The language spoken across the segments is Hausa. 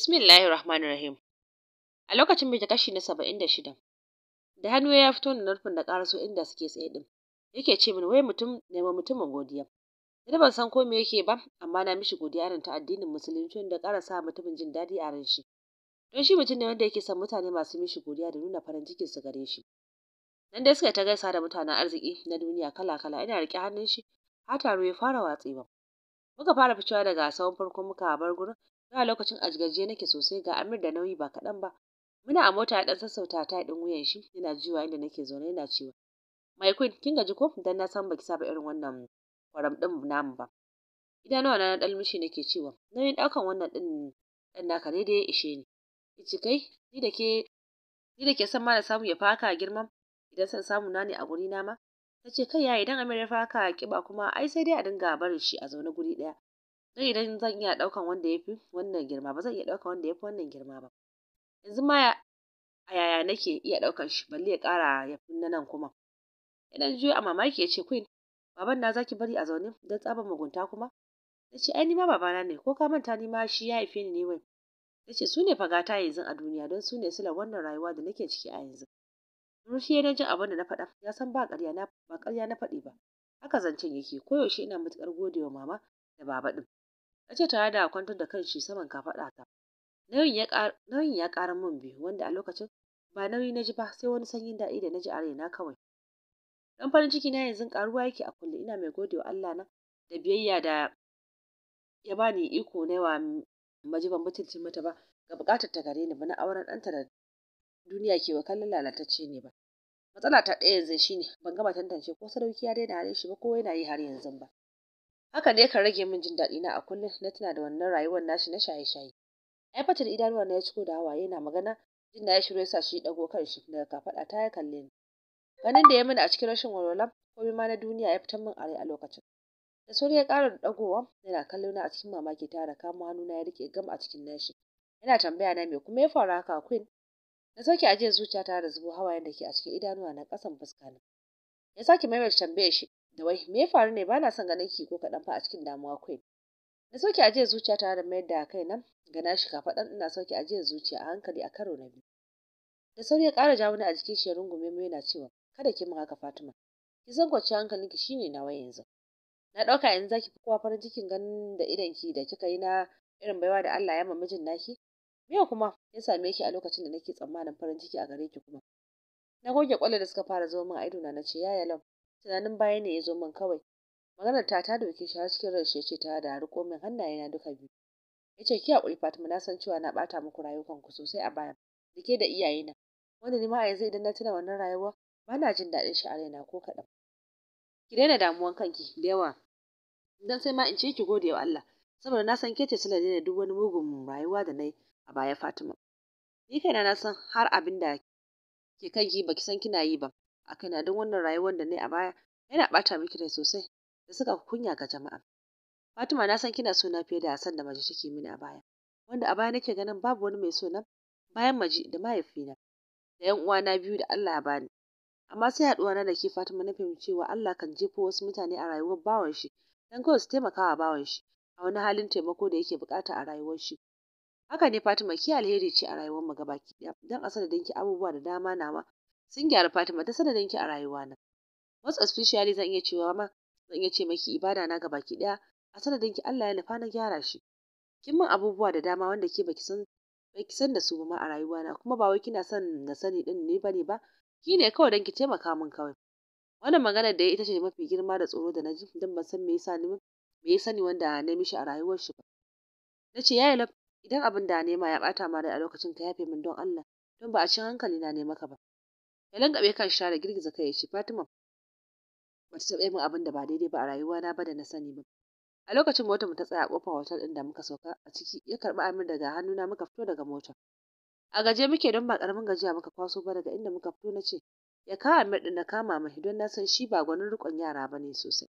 Bismillahi Rahmanir Rahim. A lokacin ta kashi na saba'in da shida, da hannu ya fito da nufin da ƙarasu inda suke tsaye ɗin. Yake ce min wai mutum nema mutumin godiya. Ina ban san ko me yake ba, amma na mishi godiya irin ta addinin musulunci da ƙara sa mutumin jin daɗi a ran shi. Don shi mutum ne wanda yake son mutane masu mishi godiya da nuna farin cikin su gare shi. Nan dai suka ta gaisa da mutanen arziki na duniya kala-kala ina riƙe hannun shi har taro ya fara watsewa. Muka fara ficewa daga sawan farko muka bar gurin Yau lokacin a gajiye nake sosai ga Amir da nauyi ba kaɗan ba. Muna a mota a ɗan sassauta ta ɗin wuyan shi yana jiwa inda nake zaune yana cewa My queen kin gaji ko dan na san baki saba irin wannan kwaram ɗin namu ba. nawa na ɗan mishi nake cewa nauyin ɗaukan wannan ɗin ɗan naka ne da ya ishe ni. Ki kai ni da ke ni da ke san ma samu ya fi haka girman idan son samu na ne a guri na ma. Ta ce kai ya idan Amir ya fi haka ƙiba kuma ai sai dai a dinga barin shi a zaune guri ɗaya. don idan zan iya ɗaukan wanda ya fi wannan girma ba zan iya ɗaukan wanda ya fi wannan girma ba yanzu ma a yaya nake iya ɗaukan shi balle ya ƙara ya fi na nan kuma idan juyo a mamaki ya ce queen baban na zaki bari a zaune don tsaban mugunta kuma ta ce ai nima babana ne ko ka manta nima shi ya haife ni ne wai ta ce su ne fagata yanzu a duniya don su ne sila wannan rayuwa da nake ciki a yanzu rushi yana jin abin da na faɗa ya san ba ƙarya na ba ƙarya na faɗi ba haka zancen yake koyaushe ina matuƙar godewa mama da baba ɗin na ce tare da kwantar da kanshi saman kafaɗata nauyin ya ƙara min biyu wanda a lokacin ba nauyi na ji ba sai wani sanyin daɗi da na ji a raina kawai dan farin ciki na yanzu ƙaruwa yake a kullum ina mai godewa Allah na da biyayya da ya bani iko na yawa maji ban mutunci mata ba ga buƙatar ta gare ni ba na auren ɗanta da duniya ke wa kallon lalatacce ne ba matsala ta ɗaya yanzu shine ban gama tantance ko sarauki ya daina hare shi ba ko yana yi har yanzu ba haka ne ka rage min jin daɗi na a kullum na tuna da wannan rayuwar nashi na shaye-shaye ai fatar idanuwa na ya ciko da hawaye na magana jin na ya shiru yasa shi dago kan shi daga kafaɗa ta ya kalle ni ganin da ya mini a cikin rashin walwala komai ma na duniya ya fitar min a a lokacin da sauri ya ƙara dagowa yana kallo na a cikin mamaki ta tare kamo hannuna ya rike gam a cikin nashi yana tambaya na me kuma ya faru haka queen na sauke ajiyar zuciya ta da zubo hawayen da ke a cikin idanuwa na ƙasan fuska na ya sake maimaita tambayar shi da wai me ya faru ne bana son ganin ki ko kaɗan fa a cikin damuwa kai na soke ajiyar zuciya tare da mayar da kai nan ga na shiga faɗan ina soke ajiyar zuciya a hankali a karo na biyu da sauri ya ƙara jawo ni a jikin shi ya rungume mu yana cewa kada ki min haka Fatima ki san kwanciyar hankalinki shine nawa yanzu na ɗauka yanzu zaki fi kowa farin cikin ganin da idan ki da kika yi na irin baiwa da Allah ya mamijin naki Miya kuma ya same ki a lokacin da nake tsammanin farin ciki a gare ki kuma. Na goge kwallo da suka fara zo min a idona na ce yaya lam tunanin baya ne ya zo min kawai maganar ta ta dauke shi har cikin rashi ya ce ta da riko min na duka biyu ya ce ki hakuri fatima na san cewa na bata muku ku sosai a baya da iyaye da iyayena wanda ni ma a yanzu idan na tuna wannan rayuwa ba na jin daɗin shi a raina ko kaɗan ki daina damuwan kanki da yawa dan sai ma in ce ki gode wa Allah saboda na san kece suna daina duk wani mugun rayuwa da nayi a baya Fatima ni kaina na san har abin da ke kanki baki san kina yi ba a kaina don wannan rayuwar da ne a baya yana ɓata miki rai sosai da suka kunya ga jama'a Fatima na san kina suna na fiye da Hassan da Maji take mini a baya wanda a baya nake ganin babu wani mai so na bayan Maji da mahaifina da 'yan uwana biyu da Allah ya bani amma sai haɗuwa na da ke Fatima na fahimci cewa Allah kan jefo wasu mutane a rayuwar bawan shi dan kawai su taimaka wa bawan shi a wani halin taimako da yake bukata a rayuwar shi haka ne Fatima ki alheri ce a rayuwar mu gaba ki dan a dinki ki abubuwa da dama nawa sun gyara Fatima ta sanadin ki a rayuwana most especially zan iya cewa ma zan iya ce maki ibada na ki daya a sanadin ki Allah ya nufa na gyara shi kin min abubuwa da dama wanda ke baki san baki san da su ba ma a rayuwana kuma ba wai kina son na sani din ne bane ba ki ne kawai dan ki taimaka min kawai wannan maganar da ya ita ce mafi girma da tsoro da naji dan ban san me yasa ni me ya sani wanda na mishi a rayuwar shi ba nace yayi idan abin da nema ya bata ma rai a lokacin ka yafe min don Allah don ba a cin hankali na nema ka ba ya lankabe kan shara girgiza kai ya ce Fatima ba ta taɓa min abin da ba daidai ba a rayuwa na ba da na sani ba a lokacin motar mu ta tsaya a kofar hotel din da muka sauka a ciki ya karɓi amin daga hannuna muka fito daga motar a gaje muke don ba karamin gajiya muka kwaso ba daga inda muka fito na ce ya kawo Amir din na kama mai don na san shi ba gwanin rikon yara ba ne sosai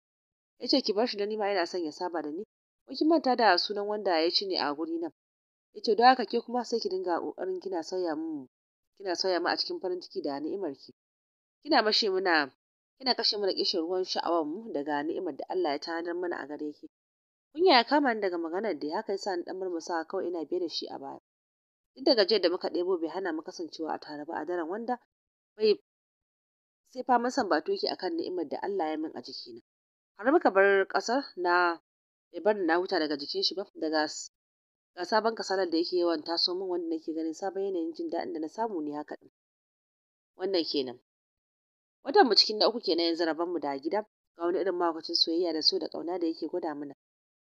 ya ce ki bar shi da ni ma yana son ya saba da ni ko kin manta da sunan wanda ya ci ne a guri nan ya ce don haka ke kuma sai ki dinga ƙoƙarin kina sauya min kina sauya mu a cikin farin ciki da ni'imar ki kina mashi muna kina kashe mana kishin ruwan sha'awar mu daga ni'imar da Allah ya tanadar mana a gare ki kunya ya kama ni daga maganar da haka yasa ni dan murmusa kawai ina biye da shi a baya duk da gajiyar da muka ɗebo bai hana mu kasancewa a tare ba a daren wanda bai sai masan sambato yake akan ni'imar da Allah ya min a jikina har muka bar ƙasar na bai bar na huta daga jikin shi ba daga Ga sabon kasalar da yake yawan taso min wanda nake ganin sabon yanayin jin daɗin da na samu ne haka ɗin. Wannan kenan. Watan mu cikin da uku kenan yanzu rabon mu da gida ga wani irin mahaukacin soyayya da so da ƙauna da yake gwada mana.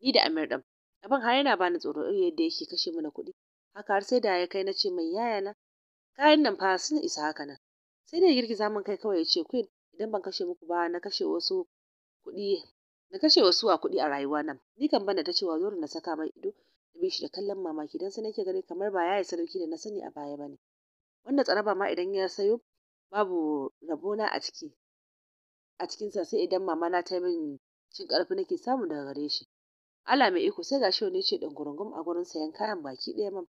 Ni da Amir ɗin. Abin har yana bani tsoro irin yadda yake kashe mana kuɗi. Haka har sai da ya kai na ce mai yaya na kayan nan fa sun isa haka nan. Sai dai girgiza min kai kawai ya ce Queen idan ban kashe muku ba na kashe wasu kuɗi na kashe wasu a kuɗi a rayuwa nan. Ni kan bana ta cewa dole na saka mai ido ta bi shi da kallon mamaki don sai nake gani kamar ba yaya sadauki da na sani a baya bane wannan tsaraba ma idan ya sayo babu rabona a ciki a cikinsa sai idan mama na ta min cin karfi nake samu daga gare shi ala mai iko sai gashi wani ce gurungum a gurin sayan kayan baki ɗaya man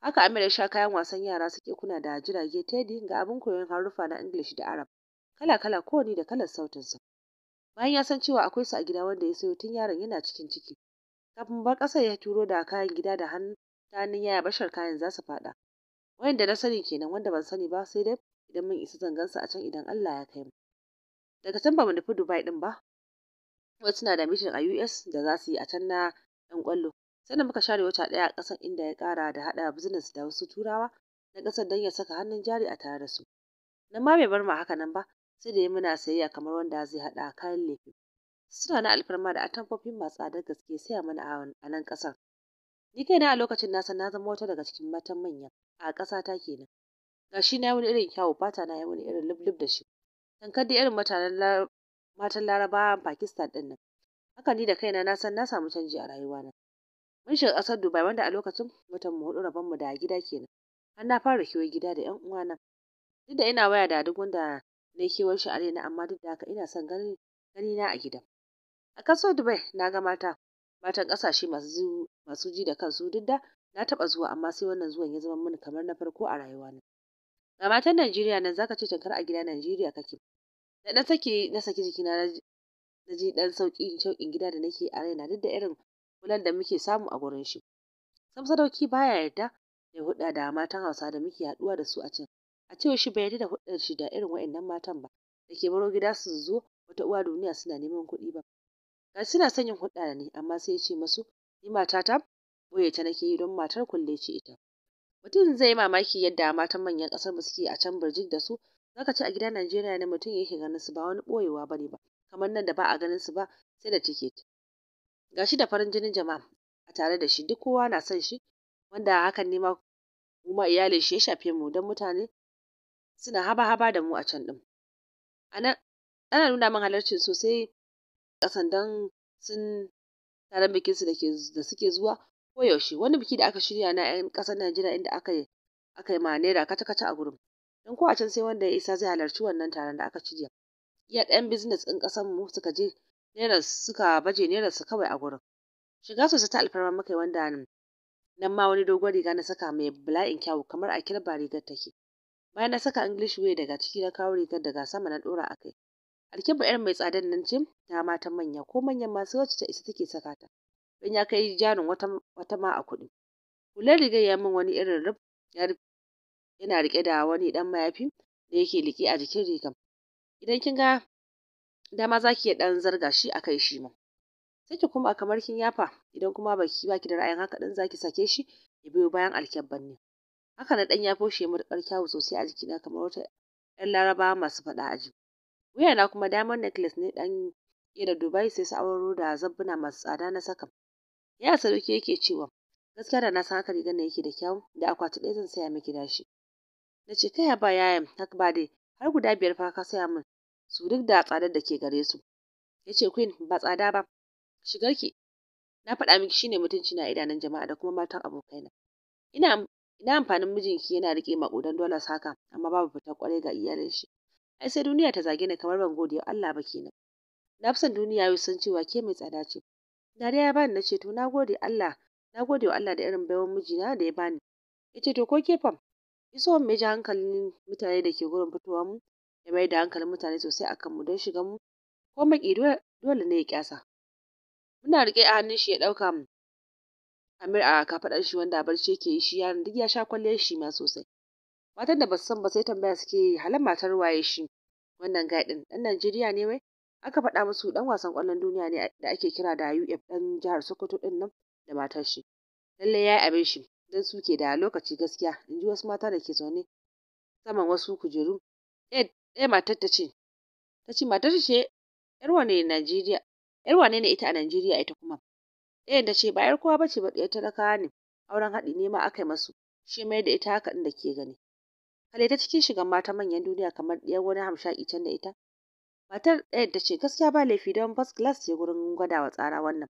haka Amira sha kayan wasan yara suke kuna da jirage tedi ga abin koyon haruffa na English da Arab kala kala kowani da kalar sautin sa bayan ya san cewa akwai su a gida wanda ya sayo tun yaron yana cikin ciki Kafin bar ƙasar ya turo da kayan gida da hannu ta hannun yaya bashar kayan za su faɗa. Wayanda na sani kenan wanda ban sani ba sai dai idan mun isa zangansa a can idan Allah ya kai mu. Daga can ba mu nufi Dubai din ba. Wasu na da mitin a US da za su yi a can na 'yan ƙwallo. Sai da muka share wata ɗaya a ƙasar inda ya ƙara da haɗa business da wasu turawa na ƙasar don ya saka hannun jari a tare da su. Nan ma bai bar mu haka nan ba sai da ya muna sayayya kamar wanda zai haɗa kayan lefe. suna na alfarma da atamfofin masu tsadar gaske a mana a nan ƙasar ni kaina a lokacin na san na zama wata daga cikin matan manya a ƙasa ta kenan gashi na wani irin kyawu fata na yi wani irin lublub da shi tankar da irin mutanen matan larabawa pakistan ɗin nan haka ni da kaina na san na samu canji a rayuwana mun shiga ƙasar dubai wanda a lokacin watan mu hudu rabon mu da gida kenan har na fara kiwon gida da yan uwana duk da ina waya da duk wanda na yi kiwon shi a amma duk da haka ina son ganin gani a gida. A kaso Dubai na ga mata, matan kasashe masu masu ji da kansu duk da na taɓa zuwa amma sai wannan zuwan ya zama mini kamar na farko a rayuwana. Ga matan Najeriya nan zaka ce tankar a gida Najeriya kake. Da ɗan sake na saki jikina na ji ɗan sauki shauƙin gida da nake a raina duk da irin kulan da muke samu a gurin shi. Sam sadauki baya yarda ya huda da matan Hausa da muke haɗuwa da su a can. A cewar shi bai yarda da hudar shi da irin waɗannan matan ba da ke baro gida su zo wata uwa duniya suna neman kuɗi ba. ga suna son yin hulɗa da ni amma sai ya ce masu ni matata boye ta nake yi don matar kulle ce ita mutum zai yi mamaki yadda matan manyan ƙasar mu suke a can birjik da su zaka ci a gidan Najeriya ne mutum yake ganin su ba wani boyewa ne ba kamar nan da ba a ganin su ba sai da tiket gashi da farin jinin jama'a a tare da shi duk kowa na son shi wanda hakan ne ma kuma iyalin shi ya shafe mu don mutane suna haba-haba da mu a can din ana nuna min halarcin sosai ƙasan don sun taron bikin su da suke zuwa ko yaushe? wani biki da aka shirya na 'yan ƙasan Najeriya inda aka yi aka yi ma naira kaca-kaca a gurin don ko a can sai wanda ya isa zai halarci wannan taron da aka shirya iya ɗayan bizines ɗin ƙasar mu suka je naira suka baje naira su kawai a gurin shiga sosai ta alfarma muka yi wanda nan ma wani dogon riga na saka mai bala'in kyawu kamar a kirba rigar take bayan na saka english way daga ciki na kawo rigar daga sama na ɗora a kai Alkeba yar mai tsadan nan jim ta mata manya ko manyan masu wacce ta isa take saka ta don ya kai jarin wata wata ma a kuɗi hular rigar ya min wani irin rub yana rike da wani dan mayafi da yake liƙe a jikin rigar idan kin ga dama za ki iya ɗan zarga shi a kai shi ma sai ki kuma kamar kin yafa idan kuma baki baki da ra'ayin haka din za ki sake shi ya biyo bayan alkyabban ne haka na ɗan ya foshe matuƙar kyawu sosai a jikina kamar wata 'yan laraba masu faɗa aji na kuma diamond necklace ne dan da Dubai sai su awarwaro da zabbuna masu tsada na saka. ya Sanusi yake cewa, gaskiya da na san haka rigar ya yake da kyau, da akwati ɗaya zan saya miki shi? Na ce, kai ya yaya, haka ba dai, har guda biyar fa ka saya min su duk da tsada da ke gare su. Ya ce, Queen ba tsada ba, shigarki na faɗa miki shine mutunci na idanun jama'a da kuma matan abokaina. Ina ina amfanin mijinki yana riƙe maƙudan dollars haka amma babu fitar ƙwarai ga iyalin shi. ai sai duniya ta zage ni kamar ban gode Allah ba kenan na fi son duniya yau san cewa ke mai tsada ce dariya ya bani na ce to na gode Allah na gode wa Allah da irin baiwan mijina da ya bani ya ce to ko ke fam iso mai ji hankalin mutane da ke gurin fitowa mu ya mai da hankalin mutane sosai akan mu don shiga mu ko maki dole ne ya kyasa muna rike a hannun shi ya dauka mu Amir a kafaɗar shi wanda barci yake yi shi yaron duk ya sha kwalliyar shi ma sosai matan da ba san ba sai tambaya suke yi halin matar waye shi wannan guy din dan Najeriya ne wai aka faɗa musu dan wasan ƙwallon duniya ne da ake kira da UF dan jihar Sokoto din nan da matar shi lalle yayi abin shi dan suke da lokaci gaskiya inji ji wasu mata da ke zaune saman wasu kujeru ɗaya matar ta ce ta ce matar ce yar wane Najeriya yar wane ne ita a Najeriya ita kuma ɗayan ta ce ba yar kowa bace ba ɗaya talakawa ne auren haɗi ne ma aka yi masu shi mai da ita haka ɗin da ke gani kalle ta cikin shigan mata manyan duniya kamar ɗiyar wani hamshaki can da ita matar ɗayar ta ce gaskiya ba laifi don first class ce gurin wa tsara wannan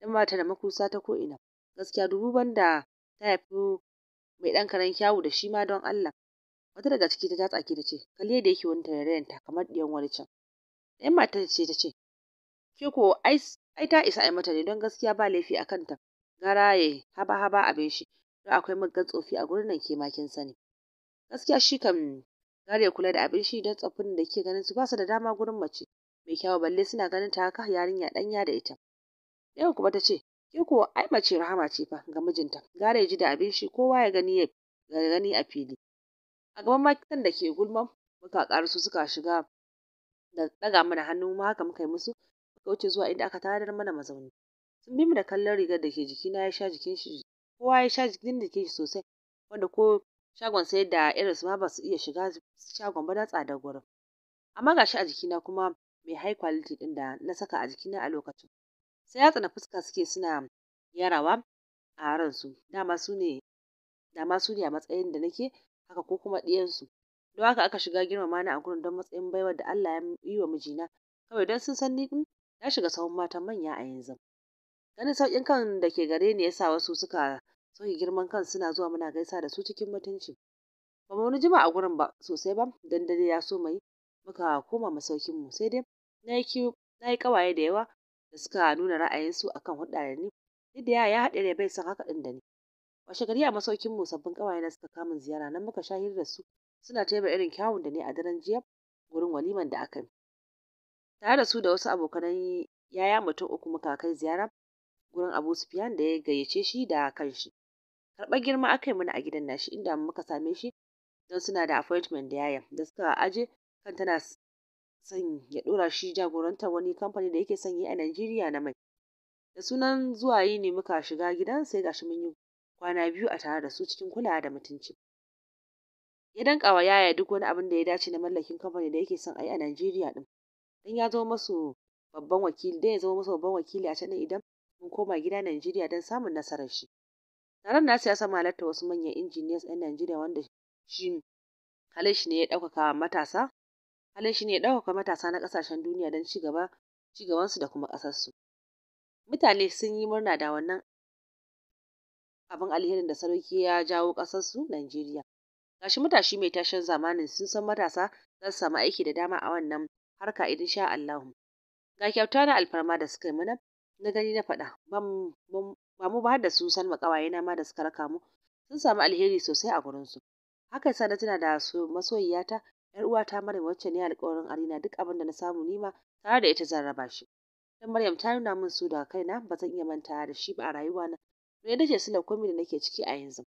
don ba ta da makusa ta ko ina gaskiya dubu banda ta haifi mai ɗan karen kyawu da shi ma don Allah wata daga ciki ta ja tsaki ta ce kalle da yake wani tarairayen ta kamar ɗiyan wani can ɗayan matar ce ta ce ke ko ai ta isa ai mata ne don gaskiya ba laifi a kanta gara ya haba haba abin shi don akwai muggan tsofi a gurin nan ke ma kin sani gaskiya shi kam gare ya kula da abin don tsoffin da ke ganin su ba da dama gurin mace mai kyawu balle suna ganin ta haka yarinya ɗanya da ita yau kuma ta ce ke kuwa ai mace rahama ce fa ga mijinta gare ya ji da abin shi kowa ya gani ya gani a fili a gaban matan da ke gulma muka karasu suka shiga da ɗaga mana hannu ma haka muka yi musu muka wuce zuwa inda aka tanadar mana mazauni sun bi mu da kallon rigar da ke jikina ya sha jikin shi kowa ya sha jikin da ke sosai wanda ko shagon sai da irinsu ma ba su iya shiga shagon ba na tsadar gurin amma gashi a jikina kuma mai high quality din da na saka a jikina a lokacin sai yatsa na fuska suke suna yarawa a ransu dama su ne dama su ne a matsayin da nake haka ko kuma ɗiyansu don haka aka shiga girmama ni a gurin don matsayin baiwar da Allah ya yi wa mijina kawai don sun san ni din na shiga sahun matan manya a yanzu ganin sauƙin kan da ke gare ni yasa wasu suka sauke girman kan suna zuwa muna gaisa da su cikin mutunci ba mu wani jima a gurin ba sosai ba dan dare ya so mai muka koma masaukin mu sai dai na yi na kawaye da yawa da suka nuna ra'ayinsu akan hulɗa da ni duk da ya haɗe da bai san haka ɗin da ni washe gari a masaukin mu sabbin kawaye na suka kama ziyara nan muka sha shahir da su suna taiba irin kyawun da ni a daren jiya gurin waliman da aka yi tare da su da wasu abokanan yaya mutum uku muka kai ziyara gurin Abu Sufyan da ya gayyace shi da kanshi karɓar girma aka yi mana a gidan nashi inda muka same shi don suna da appointment da yayan da suka aje kan tana son ya ɗora shi jagorantar wani kamfani da yake son yi a Najeriya na mai da sunan zuwa yi ne muka shiga gidan sai gashi mun yi kwana biyu a tare da su cikin kulawa da mutunci ya danka wa yaya duk wani abin da ya dace na mallakin kamfani da yake son a yi a Najeriya din dan ya zama masu babban wakili ya zama masu babban wakili a can idan mun koma gida Najeriya don samun nasarar shi Taron nasu ya sama halarta wasu manyan injiniyan 'yan Najeriya wanda shi halin shi ne ya ɗaukaka matasa halin shi ne ya ɗaukaka matasa na ƙasashen duniya don ci gaba ci gabansu da kuma ƙasarsu. Mutane sun yi murna da wannan abin alherin da sarauki ya jawo ƙasarsu Najeriya. Gashi matashi mai tashin zamanin sun san matasa za su samu aiki da dama a wannan harka idan sha Allahu. Ga kyauta na alfarma da suka yi mana na gani na faɗa ban ba mu ba har da su Salma na ma da suka raka mu sun samu alheri sosai a gurin su haka yasa na tuna da masoyiyata yar uwata Maryam wacce ne alƙawarin Arina duk abin da na samu nima tare da ita zan raba shi dan Maryam ta nuna min su daga kaina ba zan iya manta da shi ba a rayuwana na ita ce silar komai da nake ciki a yanzu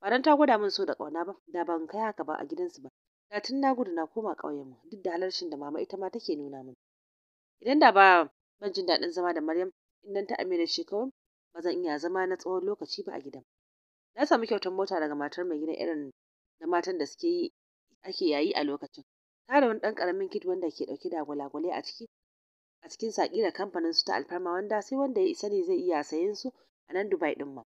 ba dan ta gwada min su da kauna ba da ban kai haka ba a gidansu ba da tun na gudu na koma mu duk da halarcin da mama ita ma take nuna min idan da ba ban jin daɗin zama da Maryam in nan ta amina shi ba zan iya zama na tsawon lokaci ba a gidan na samu kyautar mota daga matar mai gidan irin na matan da suke yi ake yayi a lokacin ta da wani ɗan ƙaramin kit wanda ke ɗauke da gwalagwalai a ciki a cikin saƙi da kamfanin su ta alfarma wanda sai wanda ya isa ne zai iya sayen su a nan Dubai ɗin ma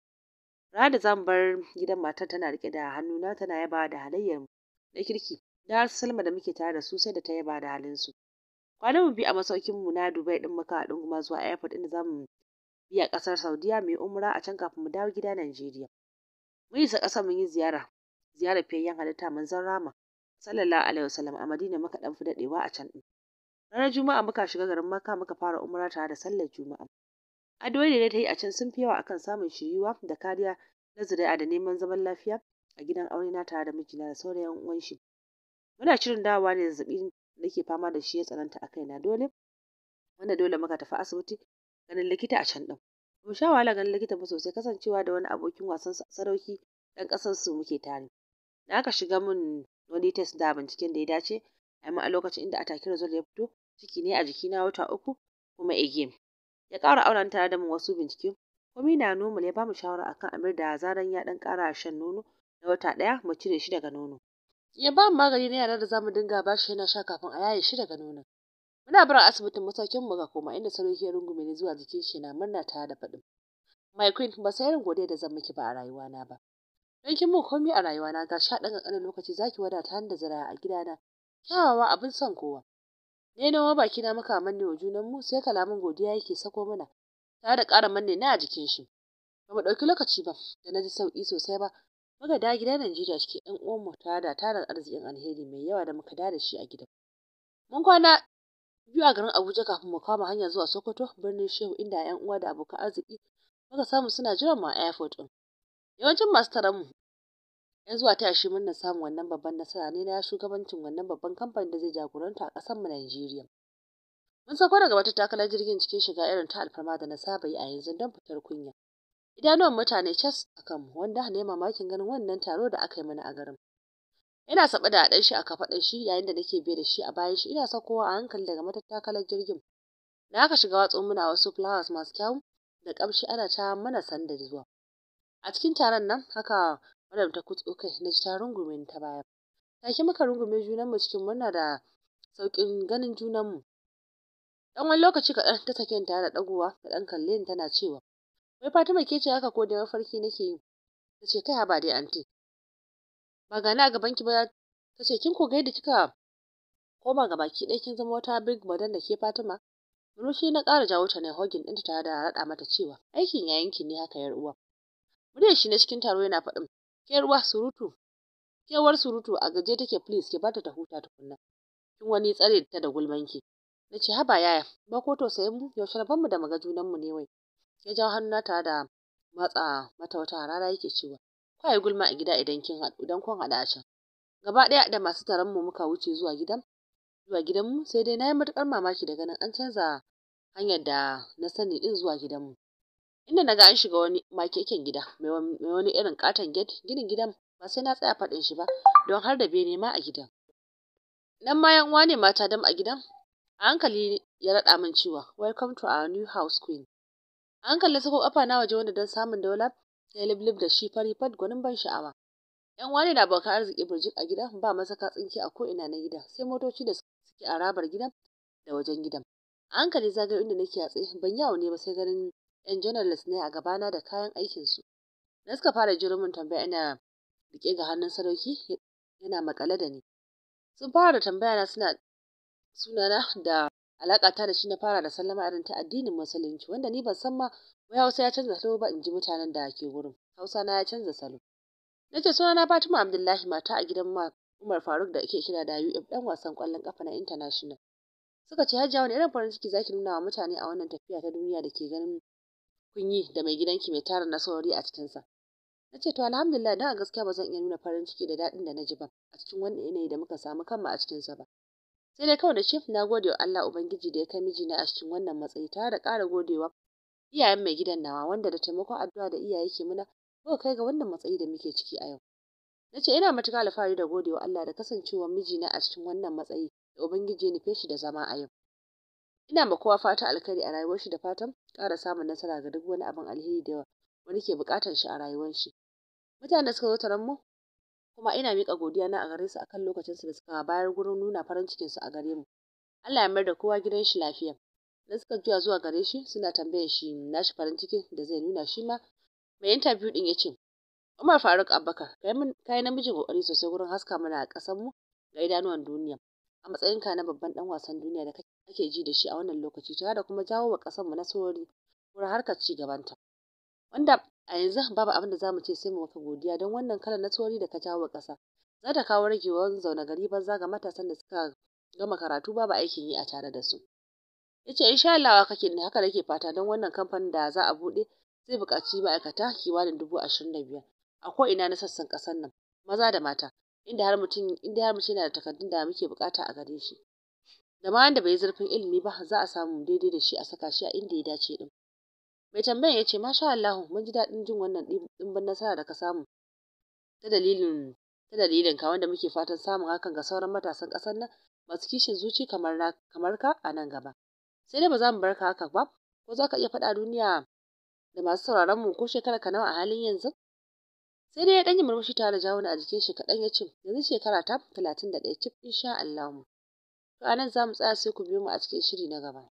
Rada zan bar gidan matar tana riƙe da hannuna tana yaba da halayyar mu na kirki da Salma da muke tare da su sai da ta yaba da halin su. Kwanan mu bi a masaukin mu na Dubai ɗin muka haɗu kuma zuwa airport inda zamu biya ƙasar Saudiya mai umra a can kafin mu dawo gida Najeriya. Mun isa ƙasar mun yi ziyara, ziyarar fiyayyen halitta manzon Rama sallallahu alaihi wasallam a Madina muka dan fi daɗewa a can din. Ranar Juma'a muka shiga garin Makka muka fara umra tare da sallar Juma'a. Addu'o'i da ta yi a can sun fi yawa akan samun shiriwa da kariya na zuri'a da neman zaman lafiya a gidan aure na tare da mijina da saurayin uwan shi. Muna shirin dawowa ne zazzabi nake fama da shi ya tsananta a kaina dole wanda dole muka tafi asibiti ganin likita a can ɗin. Mu sha wahala ganin likita ba sosai kasancewa da wani abokin wasan sarauki ɗan ƙasar su muke tare. Da aka shiga mun wani test da binciken da ya dace a a lokacin inda a take result ya fito ciki ne a jikina wata uku kuma game. Ya ƙara auren tare da mu wasu bincike komai na normal ya bamu shawara akan Amir da zaran ya ɗan ƙara shan nono na wata ɗaya mu cire shi daga nono. Ya ba mu magani na yara da zamu dinga bashi yana sha kafin a yaye shi daga nono. Muna barin asibitin masaukin mu ga koma inda Sarauki ke rungume ni zuwa jikin shi na murna tare da faɗin. My queen ba sai irin godiya da zan miki ba a rayuwana ba. Don kin mun komai a na ga sha dan ƙanƙanin lokaci zaki wadata ta da zara a gidana. Kyawawa abin son kowa. Ne na baki na muka manne wa junan mu sai kalamin godiya yake sako mana Ta da ƙara manne na a jikin shi. Ba mu ɗauki lokaci ba da na ji sauƙi sosai ba muka da gidan Najeriya cikin ƴan mu tare da tarar arzikin alheri mai yawa da muka da shi a gidan. Mun kwana biyu a garin Abuja kafin mu kama hanya zuwa Sokoto birnin Shehu inda ƴan uwa da abokan arziki muka samu suna jiran mu a airport ɗin. Yawancin masu taron mu ‘yan zuwa taya shi mun samun wannan babban nasara ne na shugabancin wannan babban kamfanin da zai jagoranta a ƙasar mu Najeriya. Mun sako daga wata takalar jirgin cikin shiga irin ta alfarma da na saba yi a yanzu don fitar kunya. Idanuwan mutane cas a kanmu wanda ne mamakin ganin wannan taro da aka yi mana a garin. Yana saɓe da haɗar shi a kafaɗar shi yayin da nake biya da shi a bayan shi ina saukowa a hankali daga matattakalar jirgin. Na aka shiga watso muna wasu flowers masu kyau da ƙamshi ana ta mana sanda zuwa. A cikin taron nan haka madam ta kutso kai na ji ta rungume ni ta baya. Take muka rungume mu cikin murna da sauƙin ganin junanmu. Dan wani lokaci kaɗan ta sake ni tare da ɗagowa da ɗan kalle tana cewa wai Fatima ke ce haka ko da mafarki nake yi. Ta ce kai haba dai anti ba ga a gaban ki ba ta ce kin koga yadda kika koma ga baki ɗaya kin zama wata big madan da ke Fatima Murmushi na ƙara jawo ta ne hogin ɗinta tare da raɗa mata cewa aikin ya ne haka yar uwa muryar shi na cikin taro yana faɗin ke ruwa surutu kewar surutu a gaje take please ki bata ta huta tukunna kin wani tsare ta da gulman ki nace haba yaya ba ko sai mu yaushe na mu da maga junan mu ne wai ya jawo hannu tare da matsa mata wata rara yake cewa ta gulma a gida idan kin haɗu idan kun haɗu a can gaba ɗaya da masu taron mu muka wuce zuwa gidan zuwa gidanmu sai dai na yi matuƙar mamaki da ganin an canza hanyar da na sani ɗin zuwa gidanmu inda na ga an shiga wani makekin gida mai wani irin katon gate ginin gidan ba sai na tsaya faɗin shi ba don har da bene ma a gidan nan ma yan uwa mata dam a gidan a hankali ya raɗa min cewa welcome to our new house queen a hankali sako kafa na waje wanda don samun daula sai liblib da shi fari fat gwanin ban sha'awa yan wani da abokan arziki burjik a gidan ba mazaka tsinki a ko ina na gida, sai motoci da suke a rabar gidan da wajen gidan a hankali zagayo inda nake a tsaye ban yawo ne ba sai ganin yan journalist ne a gabana da kayan aikin su na suka fara jiro min tambaya ina rike ga hannun sadauki yana makale da ni sun fara tambaya na suna sunana da ta da shi na fara da sallama irin ta addinin musulunci wanda ni ban san ma wai Hausa ya canza salo ba in ji mutanen da ake wurin Hausa na ya canza salo na ce suna na Fatima Abdullahi mata a gidan ma Umar Faruk da ake kira da UF dan wasan kwallon kafa na international suka ce hajjawa ne irin farin ciki zaki nuna wa mutane a wannan tafiya ta duniya da ke ganin kunyi da mai gidanki mai tara na nasarori a cikinsa na ce to alhamdulillah dan a gaskiya ba zan iya nuna farin ciki da daɗin da na ji ba a cikin wannan yanayi da muka samu kanmu a cikinsa ba sai dai kawai da chief na gode wa Allah ubangiji da ya kai mijina a cikin wannan matsayi tare da ƙara godewa iyayen mai gidan nawa wanda da taimakon addu'a da iyaye ke mana muka kai ga wannan matsayi da muke ciki a yau na ce ina matuƙar alfahari da godewa Allah da kasancewar mijina a cikin wannan matsayi da ubangiji ya nufe shi da zama a yau ina ma kowa fata alkhairi a rayuwar shi da fatan ƙara samun nasara ga duk wani abin alheri da yawa, wani ke buƙatar shi a rayuwar shi mutanen da suka zo taron mu kuma ina miƙa godiya na a gare su akan lokacin su da suka bayar gurin nuna farin cikin su a gare mu Allah ya mayar da kowa gidan shi lafiya da suka juya zuwa gare shi suna tambayar shi na shi farin ciki da zai nuna shi ma mai interview din ya ce Umar Faruk Abubakar kai namijin kokari sosai wurin haska mana a ƙasar mu ga idanuwan duniya a matsayinka na babban dan wasan duniya da kake ji da shi a wannan lokaci tare da kuma jawo wa ƙasar mu nasarori wurin harkar ci gabanta wanda a yanzu babu abin da zamu ce sai mu maka godiya don wannan kalan nasarori da ka jawo wa ƙasa za ta kawo ragewar zauna gari banza ga matasan da suka gama karatu babu aikin yi a tare da su Ya ce insha Allah haka nake fata don wannan kamfanin da za a bude zai bukaci ma'aikata kimanin dubu ashirin da biyar a ko'ina na sassan ƙasar nan maza da mata inda har mutum inda har mutum yana da takardun da muke bukata a gare shi. Da ma wanda bai zurfin ilimi ba za a samu daidai da shi a saka shi a inda ya dace din. Mai tambayan ya ce masha Allah mun ji daɗin jin wannan ɗimbin nasara da ka samu ta dalilin ta dalilin ka wanda muke fatan samun hakan ga sauran matasan ƙasar nan masu kishin zuci kamar kamar ka a nan gaba. sai dai ba za mu bar ka haka ba ko za ka iya faɗa duniya da masu sauraron mu ko shekara ka nawa a halin yanzu sai dai ya ɗan murmushi tare da jawo a jikin shi kaɗan ya ce yanzu shekara ta talatin da ɗaya cif insha mu to anan za mu tsaya sai ku biyo mu a cikin shiri na gaba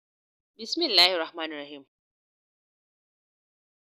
rahim.